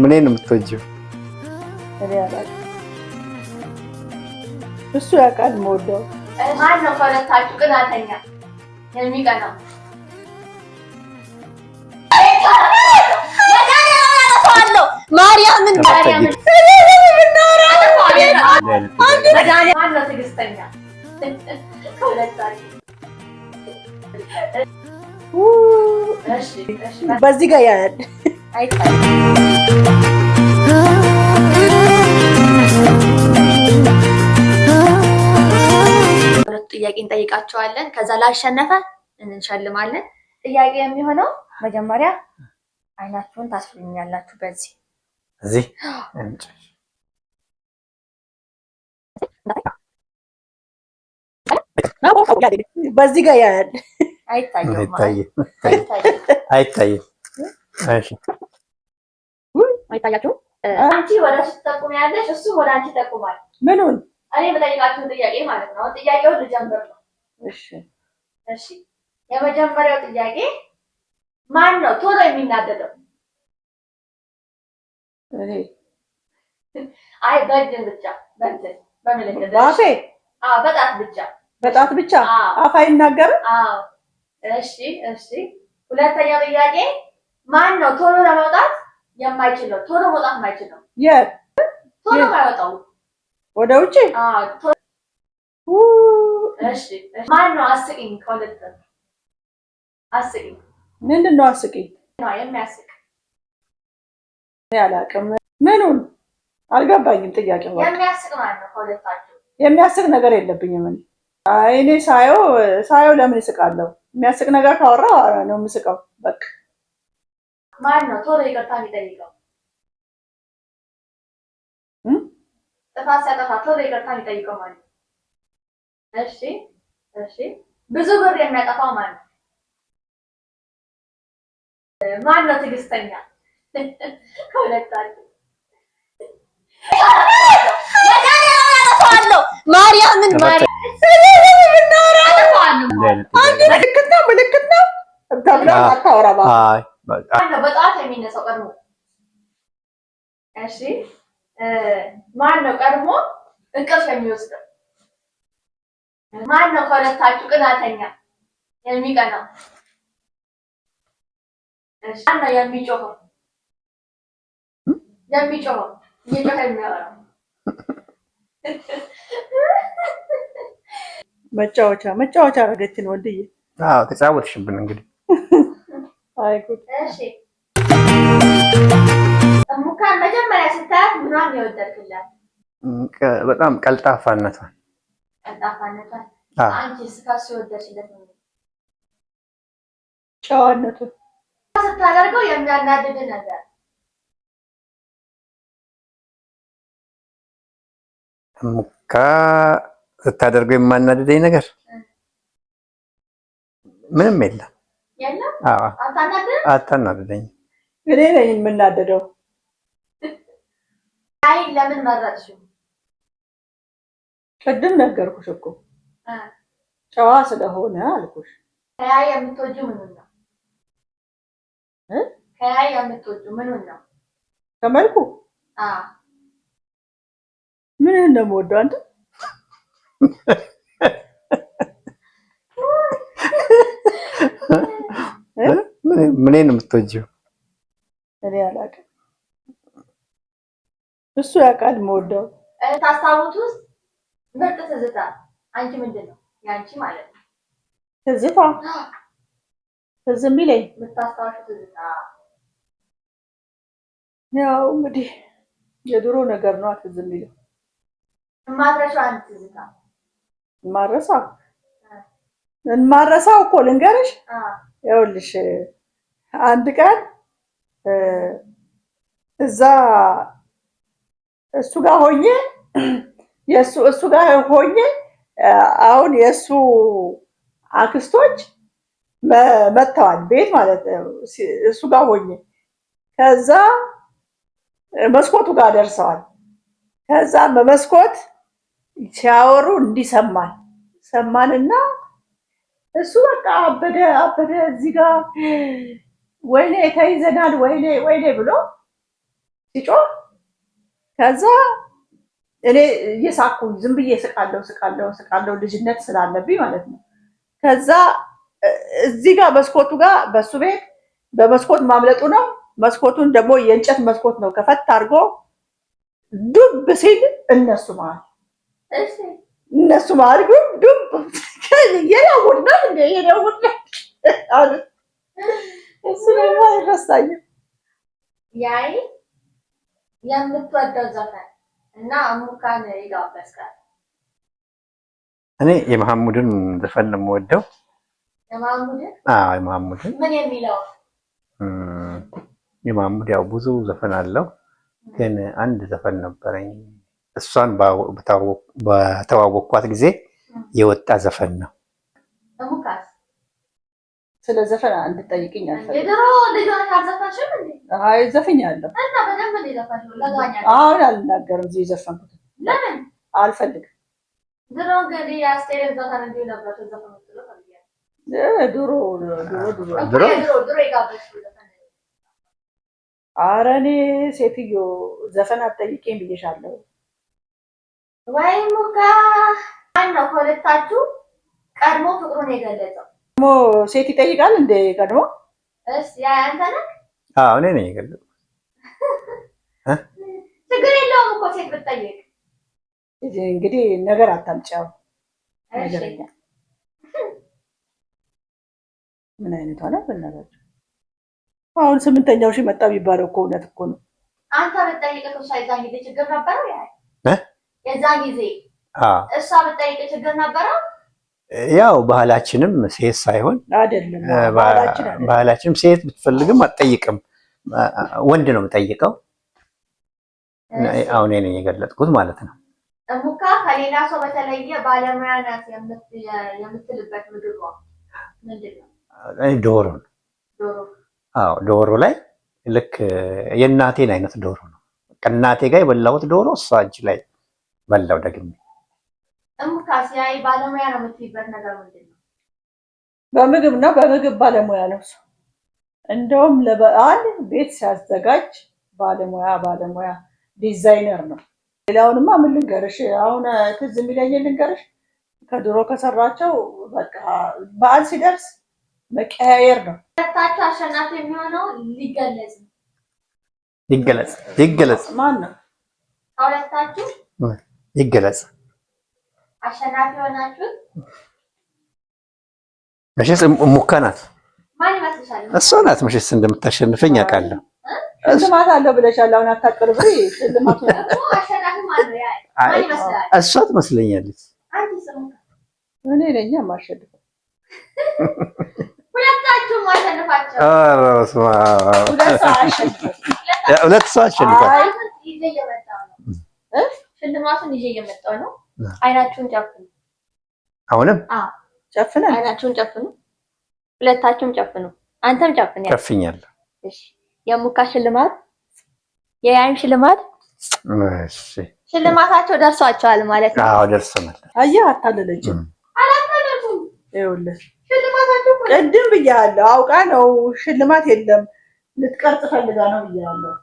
ምን ነው የምትወጂው? እሱ ያውቃል የምወደው ማን ነው ከሁለታችሁ ቅናተኛ የሚቀናው? በዚህ ጋር ያያል ሁለቱ ጥያቄ እንጠይቃቸዋለን። ከዛ ላሸነፈ እንሸልማለን። ጥያቄ የሚሆነው መጀመሪያ አይናችሁን ታስሩኛላችሁ። በዚህ እዚህ በዚህ ጋር ያያል። አይታየም አይታየም። አይታያችሁም? አንቺ ወደ እሱ ትጠቁሚያለሽ፣ እሱ ወደ አንቺ ይጠቁማል። ምኑን እኔ የምጠይቃችሁን ጥያቄ ማለት ነው። ጥያቄውን ልጀምር ነው። እሺ፣ እሺ። የመጀመሪያው ጥያቄ ማን ነው ቶሎ የሚናደደው? እኔ አይ፣ በእጅን ብቻ በእጅን በምልክት በጣት ብቻ በጣት ብቻ አፍ አይናገርም። እሺ፣ እሺ። ሁለተኛው ጥያቄ ማን ነው ቶሎ ለመውጣት የማይችለው ቶሎ መውጣት የማይችለው ቶሎ ወደ ውጭ ማን ነው? አስቂኝ ከሁለት አስቂኝ ምንድን ነው? አስቂኝ የሚያስቅ አላውቅም። ምኑን አልገባኝም። ጥያቄ የሚያስቅ ማለት ነው። ከሁለታችሁ የሚያስቅ ነገር የለብኝም። እኔ ሳየው ሳየው ለምን እስቃለሁ? የሚያስቅ ነገር ካወራ ነው የምስቀው በቃ ማነው ቶሎ ይቅርታ የሚጠይቀው? ጥፋት ሲያጠፋ ቶሎ ይቅርታ የሚጠይቀው ማለት ነው። እሺ፣ እሺ። ብዙ ብር የሚያጠፋው ማነው? ማነው ትዕግስተኛ? ሁለታችሁ ማርያምን ማርያም ምልክት ነው፣ ምልክት ነው። አታውራ በጠዋት የሚነሳው ቀድሞ እሺ፣ ማን ነው ቀድሞ እንቅልፍ የሚወስደው? ማን ነው ከሁለታችሁ ቅናተኛ የሚቀናው? ማን ነው የሚጮኸው? የሚጮኸው እየጮኸ የሚያወራው መጫወቻ መጫወቻ አደረገችን ወንድዬ። አዎ ተጫወትሽብን እንግዲህ ሙካን መጀመሪያ ስታያት ምኗን የወደድክላት? በጣም ቀልጣፋነቷን። ቀልጣፋነቷን ጨዋነቱን ስታደርገው የሚያናድድ ነገር ሙካ ስታደርገው የማናድደኝ ነገር ምንም የለም። አታናድደኝ። እኔ ነኝ የምናደደው። አይ ለምን መረጥሽው? ቅድም ነገርኩሽ እኮ ጨዋ ስለሆነ አልኩሽ። ከያ የምትወጂው ምኑን ነው? ከያ የምትወጂው ምኑን ነው? ከመልኩ ምንህን ነው የምወደው አንተ ምን ነው የምትወጂው? እኔ አላውቅም። እሱ ያውቃል። መወደው ታስታውት ውስጥ ምርጥ ትዝታ አንቺ ምንድን ነው ያንቺ ማለት ነው? ትዝታ ትዝ የሚለኝ የምታስታውሽው ትዝታ ያው እንግዲህ የድሮ ነገር ነው ትዝ የሚለው። የማትረሳው አንድ ትዝታ የማረሳው የማረሳው እኮ ልንገርሽ፣ ይኸውልሽ አንድ ቀን እዛ እሱ ጋር ሆኜ የእሱ እሱ ጋር ሆኜ አሁን የእሱ አክስቶች መጥተዋል ቤት ማለት እሱ ጋር ሆኜ ከዛ መስኮቱ ጋር ደርሰዋል። ከዛ በመስኮት ሲያወሩ እንዲሰማል ሰማንና እሱ በቃ አበደ አበደ እዚህ ጋር ወይኔ ተይዘናል፣ ወይኔ ወይኔ ብሎ ሲጮ ከዛ እኔ እየሳኩኝ ዝም ብዬ ስቃለው ስቃለው ስቃለው ልጅነት ስላለብኝ ማለት ነው። ከዛ እዚህ ጋር መስኮቱ ጋር በሱ ቤት በመስኮት ማምለጡ ነው። መስኮቱን ደግሞ የእንጨት መስኮት ነው። ከፈት አድርጎ ዱብ ሲል እነሱ መሀል እነሱ መሀል ዱብ የኔ እሑድ ነው የኔ እሑድ ነው እሱ ደግሞ አይረሳኝም። ያይ የምትወደው ዘፈን እና ሙካን ይጋበዝካል። እኔ የመሐሙድን ዘፈን ነው የምወደው። የመሐሙድን? አዎ የመሐሙድን። ምን የሚለው? የመሐሙድ ያው ብዙ ዘፈን አለው፣ ግን አንድ ዘፈን ነበረኝ እሷን በተዋወቅኳት ጊዜ የወጣ ዘፈን ነው ስለ ዘፈን እንድጠይቅኝ አይ ዘፍኛለሁ። አሁን አልናገርም። እዚህ የዘፈንኩት አልፈልግም። ድሮ ድሮ እኔ ሴትዮ ዘፈን አትጠይቂኝ ብዬሻለሁ። ወይ ሙካ ማነው ከሁለታችሁ ቀድሞ ፍቅሩን የገለጸው? ደግሞ ሴት ይጠይቃል እንደ ቀድሞ እኔ ነኝ ችግር የለውም እኮ ሴት ብትጠይቅ እንግዲህ ነገር አታምጫው ምን አይነት ሆነ በነገር አሁን ስምንተኛው ሺህ መጣ የሚባለው እኮ እውነት እኮ ነው። አንተ ብትጠይቅ እሷ የዛን ጊዜ ችግር ነበረው። የዛን ጊዜ እሷ ብትጠይቅ ችግር ነበረው። ያው ባህላችንም ሴት ሳይሆን ባህላችንም ሴት ብትፈልግም አትጠይቅም፣ ወንድ ነው የምጠይቀው። አሁን ነኝ የገለጥኩት ማለት ነው። ሙካ ከሌላ ሰው በተለየ ባለሙያ ናት የምትልበት ምግብ ምንድን ነው? ዶሮ ነው። አዎ ዶሮ ላይ ልክ የእናቴን አይነት ዶሮ ነው። ከእናቴ ጋር የበላሁት ዶሮ እሷ እጅ ላይ በላው ደግሜ እሙካስ ያ ባለሙያ ነው የምትይበት ነገር ምንድን ነው? በምግብ ነው። በምግብ ባለሙያ ነው ሰው። እንደውም ለበዓል ቤት ሲያዘጋጅ ባለሙያ ባለሙያ ዲዛይነር ነው። ሌላውንማ ምን ልንገርሽ፣ አሁን ትዝ የሚለኝ ልንገርሽ፣ ከድሮ ከሰራቸው በቃ በዓል ሲደርስ መቀያየር ነው። ታቸው አሸናፊ የሚሆነው ሊገለጽ ይገለጽ ይገለጽ ማን ነው? ከሁለታችሁ ይገለጽ አሸናፊ ሆናችሁት። መቼስ ሙካ ናት እሷ ናት። መቼስ እንደምታሸንፈኝ አውቃለሁ። ሽልማት አለው ብለሻል። አሁን አታቀርብ። ሽልማት እሷ ትመስለኛለች። እኔ ነኝ የማሸንፈው። ሁለት ሰው አሸንፋችሁ። ሽልማቱን ይዤ እየመጣሁ ነው አይናችሁን ጨፍኑ። አሁንም ጨፍኑ። አይናችሁን ጨፍኑ። ሁለታችሁም ጨፍኑ። አንተም ጨፍን። ጨፍኛለሁ። እሺ። የሙካ ሽልማት የያይም ሽልማት እሺ። ሽልማታቸው ደርሷቸዋል ማለት ነው። አዎ ደርሰናል። አየህ፣ አታለለችም። አላታለሉም። ይኸውልህ ሽልማታቸው ቅድም ብያለሁ። አውቃ ነው ሽልማት የለም ልትቀርጽ ፈልጋ ነው ብያለሁ።